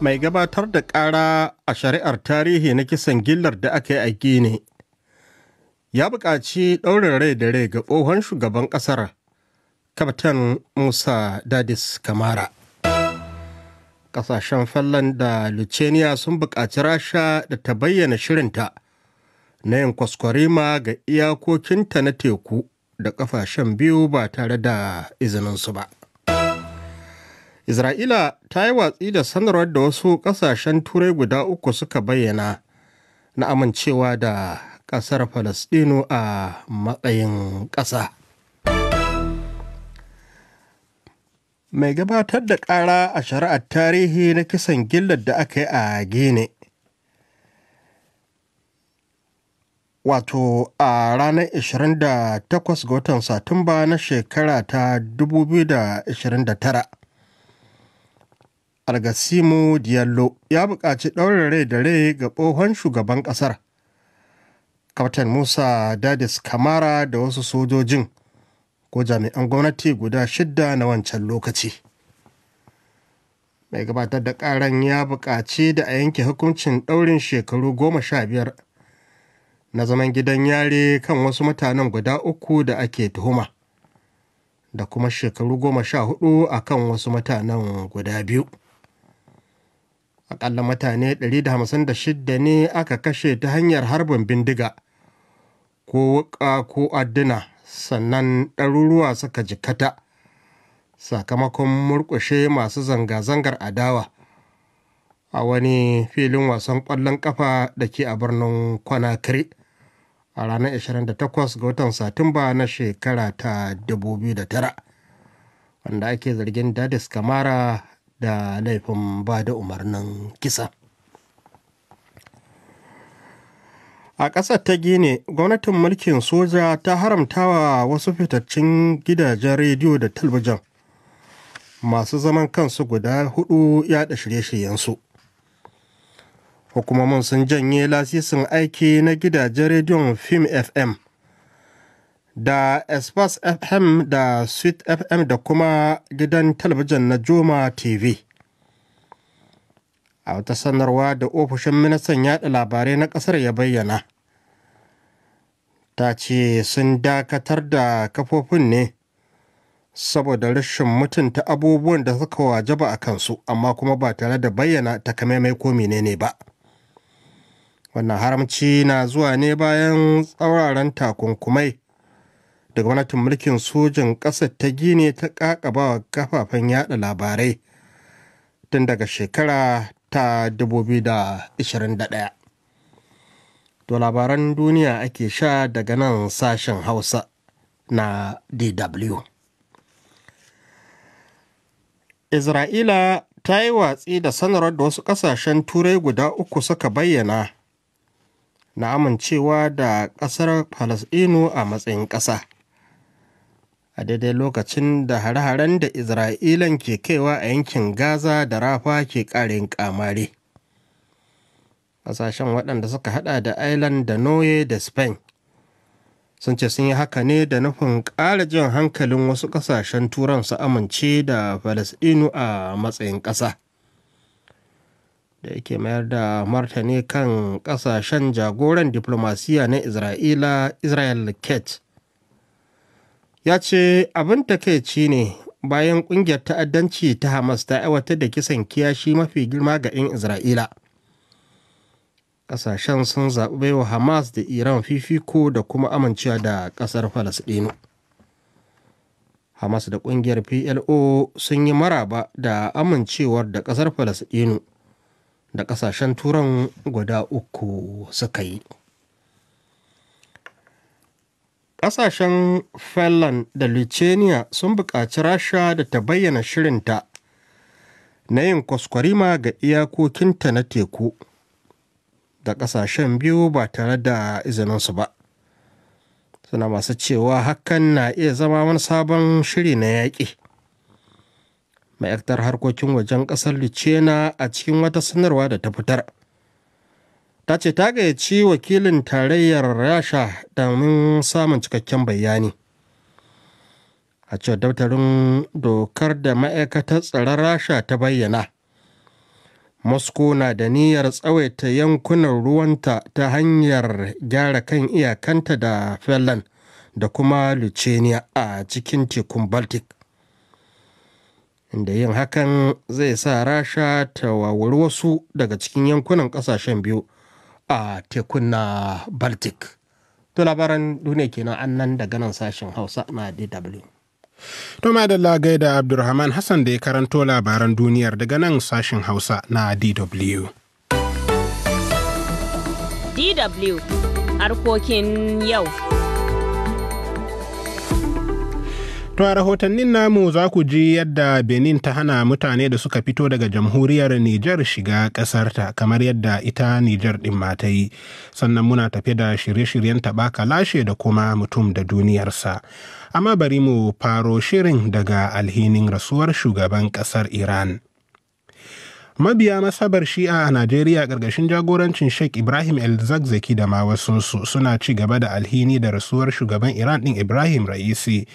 mai gabatar da ƙara a shari'ar tarihi na kisan gillar da aka yi a gini ya buƙaci ɗaurin rai da rai ga tsohon shugaban ƙasar kaftan musa dadis kamara ƙasashen fallan da lucenia sun buƙaci rasha da ta bayyana shirinta na yin kwaskwarima ga iyakokinta na teku da ƙafashen biyu ba tare da izininsu ba Isra'ila ta yi watsi da sanarwar da wasu ƙasashen turai guda uku suka bayyana na amincewa da ƙasar Falasɗinu a matsayin ƙasa. Mai gabatar da ƙara a shari'ar tarihi na kisan gillar da aka yi a Gine. wato a ranar 28 ga watan satumba na shekara ta 2029 Argasimu Diallo ya buƙaci ɗaurin rai da rai ga tsohon shugaban ƙasar. Kaftan Musa Dadis Kamara da wasu sojojin ko jami'an gwamnati guda shidda na wancan lokaci. Mai gabatar da ƙaran ya buƙaci da a yanke hukuncin ɗaurin shekaru goma sha biyar na zaman gidan yare kan wasu mutanen guda uku da ake tuhuma. da kuma shekaru goma sha hudu a kan wasu mutanen guda biyu. Akalla mutane 156 ne aka kashe ta hanyar harbin bindiga ko wuka ko adduna sannan ɗaruruwa suka jikata sakamakon murƙushe masu zanga-zangar adawa a wani filin wasan ƙwallon ƙafa da ke a birnin Conakry. a ranar 28 ga watan satumba na shekara ta 2009 wanda ake zargin dadis kamara da laifin ba da umarnin kisa a ƙasar ta gine gwamnatin mulkin soja ta haramtawa wasu fitaccen gidajen rediyo da talbijin masu zaman kansu guda hudu yada shirye-shiryensu hukumomin sun janye lasisin aiki na gidajen rediyon fim fm da Espas FM da Sweet FM da kuma gidan talabijin na Joma TV. A wata sanarwa da ofishin ministan yaɗa labarai na ƙasar ya bayyana, ta ce sun dakatar da kafofin ne saboda rashin mutunta abubuwan da suka wajaba a kansu, amma kuma ba tare da bayyana takamaimai ko menene ba. Wannan haramci na zuwa ne bayan tsauraran takunkumai. da gwamnatin mulkin sojin ƙasar ta gini ta ƙaƙabawa kafafen yaɗa labarai tun daga shekara ta 2021 to labaran duniya ake sha daga nan sashen hausa na dw isra'ila ta yi watsi da sanarwar da wasu ƙasashen turai guda uku suka bayyana na amincewa da ƙasar Falasɗinu a matsayin ƙasa. a daidai lokacin da hare-haren da isra'ilan ke kaiwa a yankin gaza da rafa ke ƙarin ƙamare ƙasashen waɗanda suka haɗa da ireland da norway da spain sun ce sun yi haka ne da nufin ƙara jin hankalin wasu ƙasashen turan su amince da falasɗinu a matsayin ƙasa da yake mayar da martani kan ƙasashen jagoran diplomasiya na isra'ila israel kate ya ce abin takaici ne bayan ƙungiyar ta'addanci ta hamas ta aiwatar da kisan kiyashi mafi girma ga 'yan isra'ila ƙasashen sun zaɓi wa hamas da iran fifiko da kuma amincewa da ƙasar falasɗinu hamas da ƙungiyar plo sun yi maraba da amincewar da ƙasar falasɗinu da ƙasashen turan guda uku suka yi Ƙasashen Finland da Lithuania sun buƙaci Rasha da ta bayyana shirinta na yin kwaskwarima ga iyakokinta na teku da ƙasashen biyu ba tare da izininsu ba. Suna masu cewa hakan na iya zama wani sabon shiri na yaƙi. Ma'aikatar harkokin wajen ƙasar Lithuania a cikin wata sanarwa da ta fitar. ta ce ta gayyaci wakilin tarayyar rasha domin samun cikakken bayani a cewar daftarin dokar da ma'aikatar tsaron rasha ta bayyana moscow na da niyyar tsawaita yankunan ruwanta ta hanyar gyara kan iyakanta da finland da kuma lucenia a cikin tekun baltic inda yin hakan zai sa rasha ta wawuri wasu daga cikin yankunan kasashen biyu a tekun na baltic to labaran duniya kenan an nan daga nan sashen hausa na dw to madalla gaida abdulrahman hassan da ya karanto labaran duniyar daga nan sashen hausa na dw dw harkokin yau To a rahotannin namu za ku ji yadda Benin ta hana mutane da suka fito daga jamhuriyar Nijar shiga ƙasarta kamar yadda ita Nijar ɗin ma ta yi. Sannan muna tafi da shirye-shiryen taɓaka lashe da kuma mutum da duniyarsa. Amma bari mu faro shirin daga alhinin rasuwar shugaban ƙasar Iran. mabiya masabar shi'a a najeriya ƙarƙashin jagorancin sheikh ibrahim el zagzaki da ma wasunsu suna ci gaba da alhini da rasuwar shugaban iran ɗin ibrahim ra'isi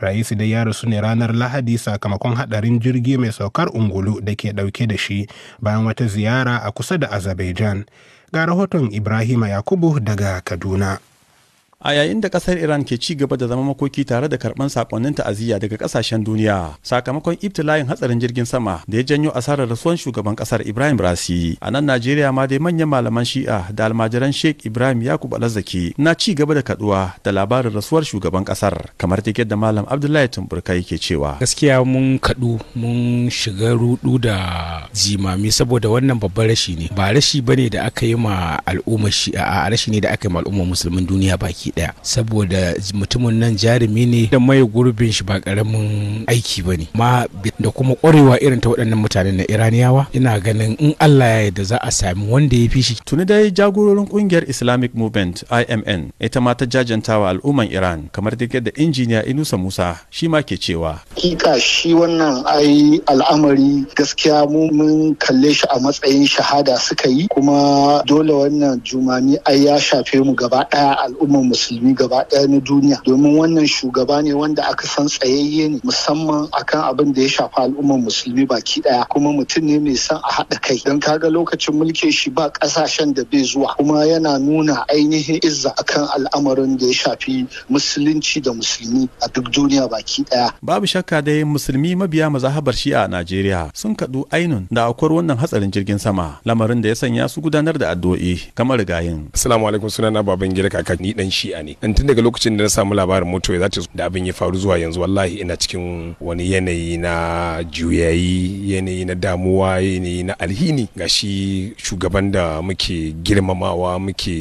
Raisi dai ya rasu ne ranar Lahadi sakamakon hadarin jirgi mai saukar ungulu da ke dauke da shi bayan wata ziyara a kusa da Azerbaijan. Ga rahoton Ibrahima Yakubu daga Kaduna. a yayin da kasar iran ke ci gaba da zama makoki tare da karban sakonnin ta'aziyya daga kasashen duniya sakamakon ibtila'in hatsarin jirgin sama da ya janyo asarar rasuwan shugaban kasar ibrahim rasi a nan najeriya ma dai manyan malaman shi'a da almajiran sheikh ibrahim yakub alazaki na ci gaba da kaduwa da labarin rasuwar shugaban kasar kamar tiket da malam abdullahi tumburkai ke cewa gaskiya mun kadu mun shiga rudu da jimami saboda wannan babban rashi ne ba rashi bane da aka yi ma al'ummar shi'a a rashi ne da aka yi ma al'ummar musulmin duniya baki daya saboda mutumin nan jarumi ne da mai gurbin shi ba karamin aiki ba ne ma da kuma ƙwarewa irin ta waɗannan mutane na iraniyawa ina ganin in allah ya yarda za a sami wanda ya fi shi tuni dai jagororin ƙungiyar islamic movement imn ita ma ta jajantawa al'umman iran kamar da da injiniya inusa musa shi ma ke cewa kika shi wannan ai al'amari gaskiya mu mun kalle shi a matsayin shahada suka yi kuma dole wannan jumani ai ya shafe mu gaba daya al'umman mu musulmi gaba ɗaya na duniya domin wannan shugaba ne wanda aka san tsayayye ne musamman akan abin da ya shafi al'ummar musulmi baki ɗaya kuma mutum ne mai son a haɗa kai don ga lokacin mulkin shi ba kasashen da bai zuwa kuma yana nuna ainihin izza akan al'amarin da ya shafi musulunci da musulmi a duk duniya baki ɗaya. Babu shakka dai musulmi mabiya mazahabar shi a Najeriya sun kaɗu ainun da akwai wannan hatsarin jirgin sama lamarin da ya sanya su gudanar da addu'o'i kamar gayin. Assalamu alaikum sunana Babangida gida kakanni ɗan shi shi'a ne in tun daga lokacin da na samu labarin mutu ya zace da abin ya faru zuwa yanzu wallahi ina cikin wani yanayi na juyayi yanayi na damuwa yanayi na alhini ga shi shugaban da muke girmamawa muke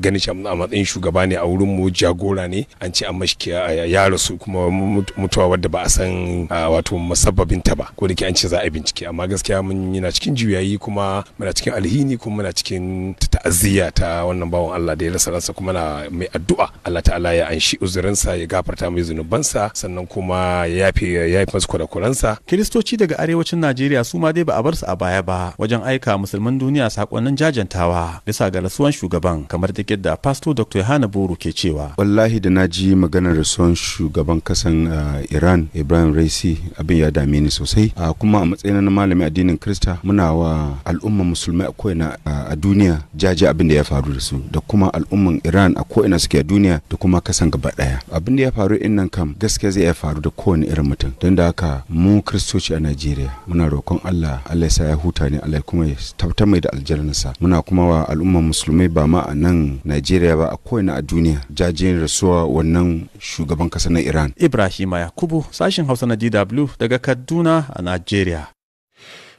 ganin shi a matsayin shugaba ne a wurin mu jagora ne an ce an mashi ya rasu kuma mutuwa wadda ba a san wato musabbabin ta ba ko da an ce za a bincike amma gaskiya mun yana cikin juyayi kuma muna cikin alhini kuma muna cikin ta'aziyya ta wannan bawan Allah da ya rasa ransa kuma na mai addu'a Allah ta'ala ya anshi uzurinsa ya gafarta mai zunubansa sannan kuma ya yafe ya yi masu kurakuransa kiristoci daga arewacin Najeriya su ma dai ba a bar su a baya ba wajen aika musulman duniya sakonnin jajantawa bisa ga rasuwan shugaban kamar da yadda pastor Dr. Yohana Buru ke cewa wallahi da naji maganar rasuwan shugaban kasan uh, Iran Ibrahim Raisi abin ya dame ni sosai uh, kuma a matsayin na malami addinin Krista muna wa al'umma musulmai a ko'ina uh, a duniya jaji abin da ya faru da su da kuma al'umman Iran a ko'ina suke a duniya da kuma kasan gaba daya abin da ya faru in nan kam gaskiya zai iya faru da kowane irin mutum don da haka mu kristoci a najeriya muna roƙon allah allah sa ya huta ne allah kuma ya tabbatar mai da aljannarsa muna kuma wa al'ummar musulmai ba ma a nan najeriya ba a kowane a duniya jajen rasuwa wannan shugaban kasa na iran ibrahima yakubu sashin hausa na dw daga kaduna a najeriya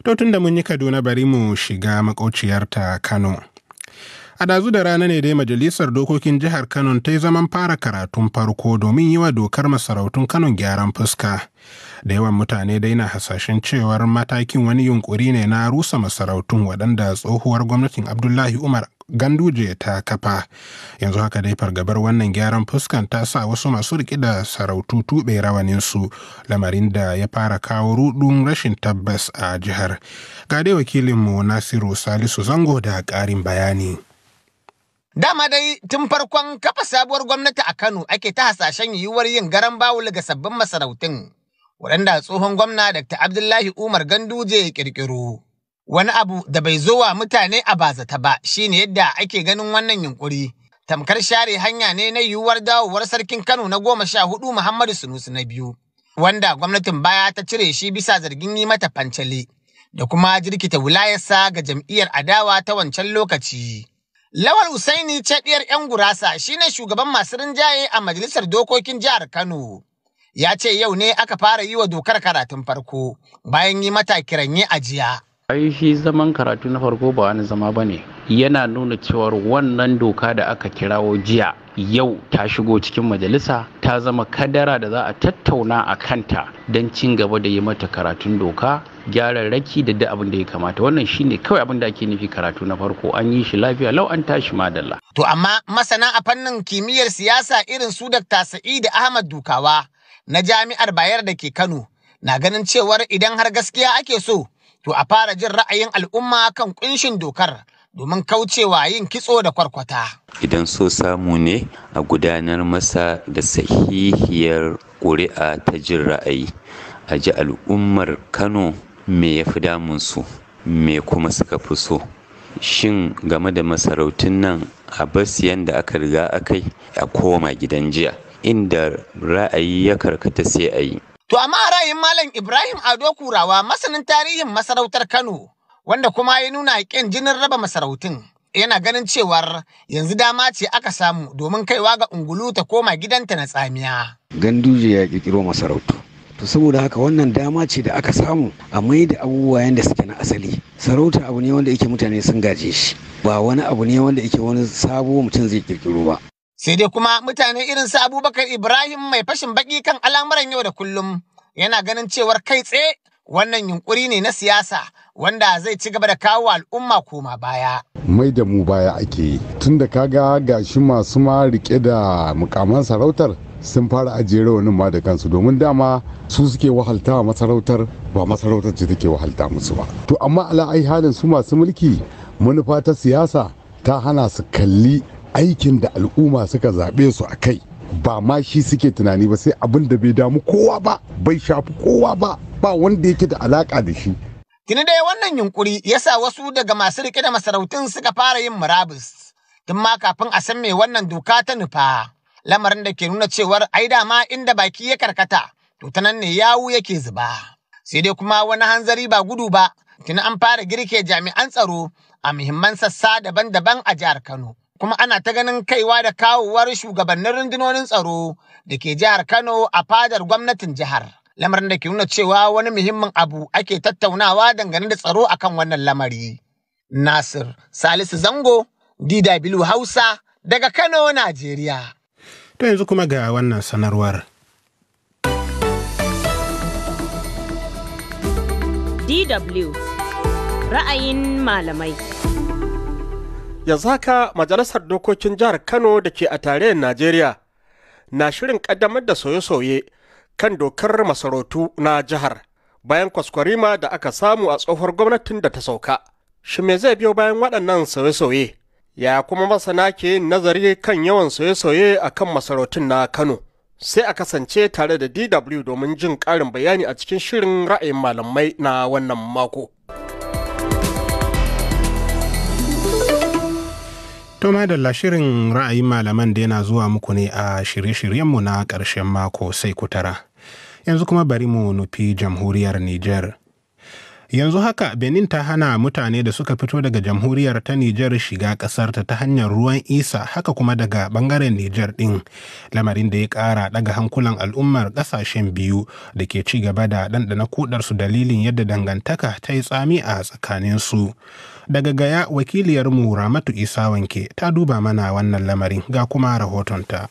totun tun da mun yi kaduna bari mu shiga ta kano A dazu da rana ne dai Majalisar Dokokin Jihar Kano ta yi zaman fara karatun farko domin yi wa dokar masarautun Kano gyaran fuska. Da yawan mutane dai na hasashen cewar matakin wani yunkuri ne na rusa masarautun waɗanda tsohuwar gwamnatin Abdullahi Umar Ganduje ta kafa. Yanzu haka dai fargabar wannan gyaran fuskan ta sa wasu masu riƙe da sarautu tuɓe rawaninsu, lamarin da ya fara kawo rudun rashin tabbas a jihar. Ga dai wakilinmu Nasiru Salisu Zango da ƙarin bayani. Dama dai tun farkon kafa sabuwar gwamnati a Kano ake ta hasashen yiwuwar yin garan bawul ga sabbin masarautun, waɗanda tsohon gwamna Dr. Abdullahi Umar Ganduje ya ƙirƙiro. Wani abu da bai zo wa mutane a bazata ba shine yadda ake ganin wannan yunkuri Tamkar share hanya ne na yiwuwar dawowar sarkin Kano na goma sha hudu Muhammadu Sunusu na biyu, wanda gwamnatin baya ta cire shi bisa zargin yi mata fancale da kuma jirkita wilayarsa ga jam'iyyar adawa ta wancan lokaci. Lawal Usaini Chadiyar 'yan gurasa shi ne shugaban masu rinjaye a Majalisar Dokokin Jihar Kano. Ya ce yau ne aka fara yi wa dokar karatun farko bayan yi mata kiranye a jiya. ai shi zaman karatu na farko ba wani zama ba ne yana nuna cewar wannan doka da aka kirawo jiya yau ta shigo cikin majalisa ta zama kadara da za a tattauna a kanta don cin gaba da yi mata karatun doka gyaran raki, da duk abin da ya kamata wannan shine kawai abin da ake nufi karatu na farko an yi shi lafiya lau an tashi madalla. to amma masana a fannin kimiyyar siyasa irin su dakta sa'id ahmad dukawa na jami'ar bayar da ke kano na ganin cewar idan har gaskiya ake so to a fara jin ra'ayin al'umma kan kunshin dokar domin kaucewa yin kitso da kwarkwata. Idan so samu ne a gudanar masa da sahihiyar ƙuri'a ta jin ra'ayi, a ji al'ummar Kano me ya fi damunsu, me kuma suka fi so. Shin game da masarautun nan a basiyan da aka riga akai a koma gidan jiya, inda ra'ayi ya karkata sai a yi. To amma a ra'ayin Malam Ibrahim Ado Kurawa masanin tarihin masarautar Kano wanda kuma ya nuna ƙin jinin raba masarautun. Yana ganin cewar yanzu dama ce aka samu domin kaiwa ga ungulu ta koma gidanta na tsamiya. Ganduje ya ƙirƙiro masarautu. to saboda haka wannan dama ce da aka samu a mai da abubuwa yadda suke na asali sarauta abu ne wanda yake mutane sun gaje shi ba wani abu ne wanda yake wani sabo mutum zai ƙirƙiro ba Sai dai kuma mutane irin su Abubakar Ibrahim mai fashin baki kan al'amuran yau da kullum yana ganin cewar kai tsaye wannan yunkuri ne na siyasa wanda zai ci gaba da kawo al'umma koma baya. Mai da mu baya ake yi. Tun da kaga gashi masu ma rike da mukaman sarautar sun fara ajiye rawanin ma da kansu domin dama su suke wahalta wa masarautar ba masarautar ce take wahalta musu ba to amma ala halin su masu mulki manufa ta siyasa ta hana su kalli aikin da al'umma suka zaɓe su a kai ba ma shi suke tunani ba sai abin da bai damu kowa ba bai shafi kowa ba ba wanda yake da alaka da shi tuni dai wannan yunkuri ya sa wasu daga masu rike da masarautun suka fara yin murabus tun ma kafin a san me wannan doka ta nufa lamarin da ke nuna cewar ai dama inda baki ya karkata to ta nan ne yawu yake zuba sai dai kuma wani hanzari ba gudu ba tuni an fara girke jami'an tsaro a muhimman sassa daban-daban a jihar Kano. kuma ana ta ganin kaiwa da kawowar shugabannin rundunonin tsaro da ke jihar Kano a fadar gwamnatin jihar. Lamarin da ke nuna cewa wani muhimmin abu ake tattaunawa dangane da tsaro akan wannan lamari. Nasir Salisu Zango, DW Hausa, daga Kano, Najeriya. To yanzu kuma ga wannan sanarwar. DW Ra'ayin malamai. yanzu haka majalisar dokokin jihar kano da ke a tarayyar najeriya na shirin kaddamar da soye-soye kan dokar masarautu na jihar bayan kwaskwarima da aka samu a tsohuwar gwamnatin da ta sauka shi me zai biyo bayan waɗannan soye-soye ya kuma masana ke yin nazari kan yawan soye-soye a kan masarautun na kano sai a kasance tare da dw domin jin ƙarin bayani a cikin shirin ra'ayin malamai na wannan mako To da shirin ra'ayin malaman da yana zuwa muku ne a shirye-shiryenmu na ƙarshen mako sai kutara, Yanzu kuma bari mu nufi jamhuriyar Nijar. yanzu haka benin ta hana mutane da suka fito daga jamhuriyar ta nijar shiga ƙasarta ta hanyar ruwan isa haka kuma daga ɓangaren nijar ɗin lamarin da ya ƙara ɗaga hankulan al'ummar ƙasashen biyu da ke ci gaba da ɗanɗana kudarsu dalilin yadda dangantaka ta yi tsami a tsakanin su daga gaya wakiliyarmu ramatu isa wanke ta duba mana wannan lamarin ga kuma rahotonta.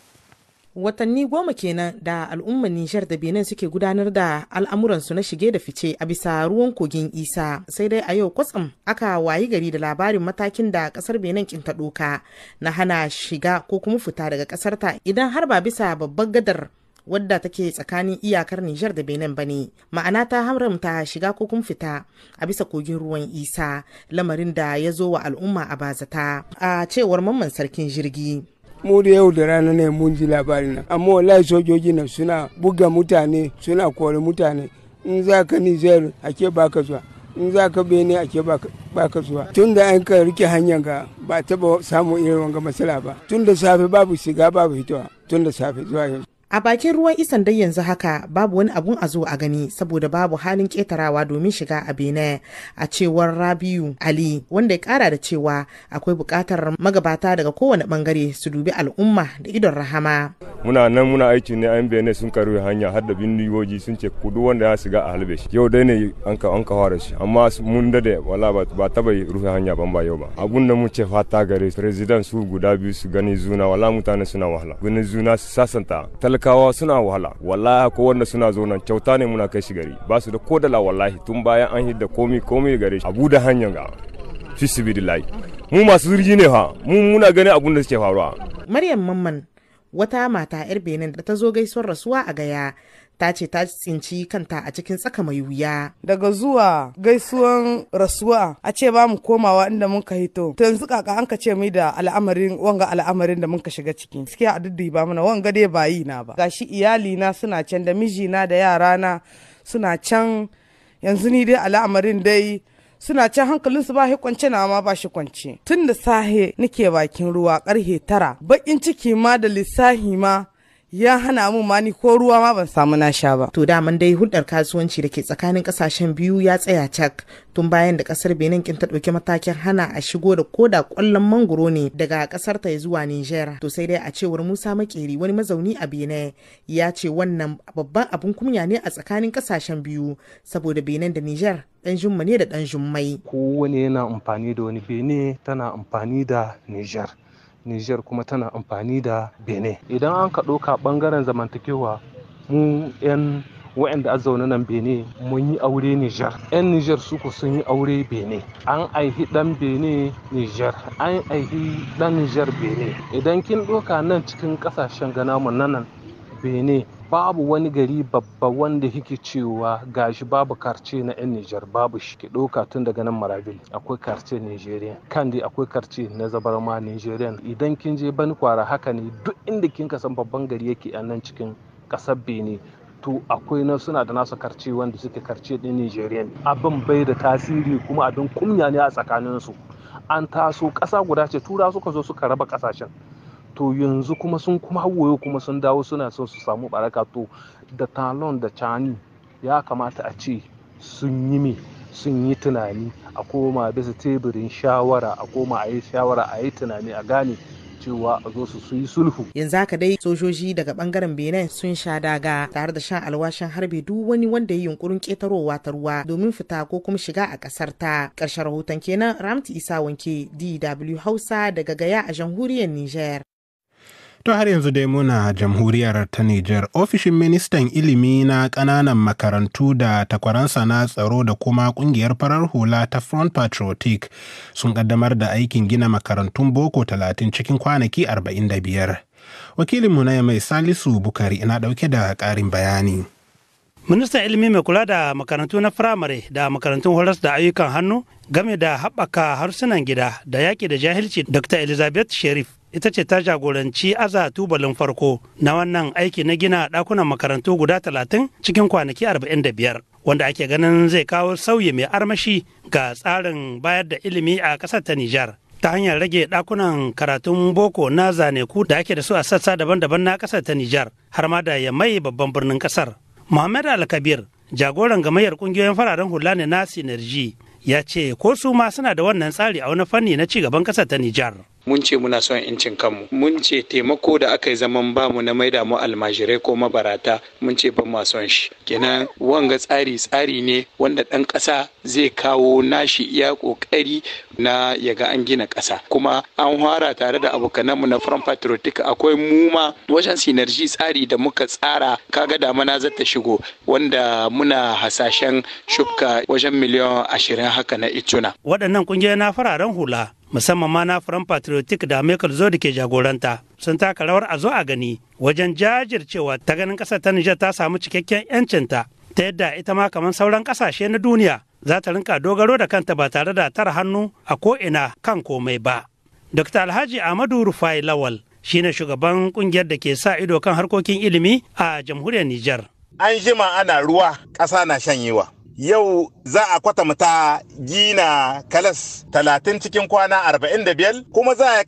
watanni goma kenan da al'ummar nijar da benin suke gudanar da al'amuransu na shige da fice a bisa ruwan kogin isa sai dai a yau kwatsam aka wayi gari da labarin matakin da kasar benin kinta doka na hana shiga ko kuma fita daga kasar ta idan har ba bisa babbar gadar wadda take tsakanin iyakar Nijar da Benin ba ne. Ma'ana ta haramta shiga ko kuma fita a bisa kogin ruwan Isa, lamarin da ya zo wa al'umma a bazata. A cewar mamman sarkin jirgi, mu da yau da rana ne mun ji labarin nan amma wallahi sojoji nan suna buga mutane suna kore mutane in za ka nijar ake baka zuwa in za ka bene ake baka zuwa tun da an ka rike hanyar ga ba taba samun irin wanga matsala ba tun da safe babu shiga babu hitowa tun da safe zuwa yanzu A bakin ruwan isan dai yanzu haka babu wani abun a zo a gani saboda babu halin ketarawa domin shiga a Benin a cewar Rabiu Ali wanda ya kara da cewa akwai bukatar magabata daga kowane bangare su dubi al'umma da idon rahama. Muna nan muna aiki ne an bene sun karu hanya har da bindigogi sun ce kudu wanda ya shiga a halbe shi. Yau dai ne an ka fara shi amma mun dade wala ba taba rufe hanya ban ba yau ba. Abun da mu ce fata gare president su guda biyu su gani zuna wala mutane suna wahala. Gani zuna su sasanta talakawa suna wahala wallahi ko wanda suna zo nan kyauta ne muna kai shi gari ba su da kodala wallahi tun bayan an hidda komi komi gare shi abu da hanyar ga fi mu masu jirgi ne fa mu muna ganin abun da suke faruwa maryam mamman wata mata yar benin da ta zo gaisuwar rasuwa a gaya ta ce ta tsinci kanta a cikin tsaka mai wuya. Daga zuwa gaisuwan rasuwa a ce ba mu komawa inda mun ka hito. To yanzu kaka an ka ce mai da al'amarin wanga al'amarin da mun ka shiga ciki. Suke a ba mana wanga dai ba yi na ba. Gashi iyali na suna can da mijina da yarana suna can yanzu ni dai al'amarin dai suna can hankalinsu ba shi kwance na ma ba shi kwance tun da sahe nake bakin ruwa karhe tara bakin ciki ma da lissahi ma ya hana mun mani ko ruwa ma ban samu na sha ba. To daman dai hulɗar kasuwanci da ke tsakanin ƙasashen biyu ya tsaya cak tun bayan da ƙasar Benin kin ta ɗauki matakin hana a shigo da koda ƙwallon mangoro ne daga ƙasar ta zuwa niger. To sai dai a cewar Musa Makeri wani mazauni a Benin ya ce wannan babban abun kunya ne a tsakanin kasashen biyu saboda Benin da niger dan jumma ne da dan jummai. Kowane yana amfani da wani Benin tana amfani da Nijar. Nijar kuma tana amfani da Benin. Idan an ka ɗauka ɓangaren zamantakewa mu 'yan waɗanda a zaune nan Benin mun yi aure Nijar. 'Yan Nijar suku sun yi aure Benin. An aihi ɗan Benin Nijar. An aihi ɗan Nijar Benin. Idan kin ɗauka nan cikin ƙasashen gana bene. nan Benin babu wani gari babba wanda yake cewa gashi babu karce na 'yan Nijar babu shi ke ɗauka tun daga nan Marabil akwai karce Nijeriya kan dai akwai karce na zabarma Nijeriya idan kin je ban kwara haka ne duk inda kin kasan babban gari yake a nan cikin ƙasar bene, to akwai na suna da nasu karce wanda suke karce ɗin Nijeriya abin bai da tasiri kuma abin kunya ne a tsakaninsu an taso ƙasa guda ce tura suka zo suka raba ƙasashen to yanzu kuma sun kuma wayo kuma sun dawo suna son su samu baraka to da talon da cani ya kamata a ce sun yi me sun yi tunani a koma bisa teburin shawara a koma a yi shawara a yi tunani a gane cewa a zo su yi sulhu. Yanzu haka dai sojoji daga bangaren Benin sun sha daga tare da shan alwashin harbe duk wani wanda ya yi yunkurin ketarowa ta ruwa domin fita ko kuma shiga a kasar ta. Karshen rahoton kenan Ramti Isa Wanke DW Hausa daga Gaya a jamhuriyar Niger. To har yanzu dai muna jamhuriyar ta Nijar, ofishin ministan ilimi na ƙananan makarantu da takwaransa na tsaro da kuma ƙungiyar farar hula ta Front Patriotic sun ƙaddamar da aikin gina makarantun boko talatin cikin kwanaki arba'in da 45. Wakilinmu na mai Salisu Bukari na ɗauke da ƙarin bayani. Ministan ilimi mai kula da makarantu na firamare da makarantun horas da ayyukan hannu game da haɓaka harsunan gida da yaƙi da jahilci Dr. Elizabeth Sherif ita ce ta jagoranci aza tubalin farko na wannan aiki na gina ɗakunan makarantu guda talatin cikin kwanaki arba'in da biyar wanda ake ganin zai kawo sauyi mai armashi ga tsarin bayar da ilimi a ƙasar ta Nijar. ta hanyar rage ɗakunan karatun boko na zaneku da ake da su a sassa daban-daban na ƙasar ta Nijar har ma da mai babban birnin ƙasar. Muhammad Kabir, jagoran gamayyar ƙungiyoyin fararen hula ne na Sinerji ya ce ko su ma suna da wannan tsari a wani fanni na ci gaban ƙasar ta Nijar. mun ce muna son incin kanmu mun ce taimako da aka yi zaman bamu na maida mu almajirai ko mabarata mun ce ban son shi kenan wanga tsari tsari ne wanda ɗan ƙasa zai kawo nashi iya ƙoƙari na ga an gina ƙasa kuma an fara tare da abokananmu na front patriotic akwai mu ma wajen sinarji tsari da muka tsara kaga mana za ta shigo wanda muna hasashen shubka wajen miliyan ashirin haka na ituna waɗannan ƙungiyoyi na fararen hula musamman ma na Front Patriotic da Michael Zo da ke jagoranta sun taka rawar a zo a gani wajen jajircewa ta ganin ƙasar ta Nijar ta samu cikakken 'yancinta ta yadda ita ma kamar sauran ƙasashe na duniya za ta rinka dogaro da kanta ba tare da tara hannu a ko'ina kan komai ba. Dr. Alhaji Ahmadu Rufai Lawal shine shugaban kungiyar da ke sa ido kan harkokin ilimi a jamhuriyar Nijar. An jima ana ruwa ƙasa na shanyewa. yau za a kwatamta gina kalas talatin cikin kwana arba'in da kuma za a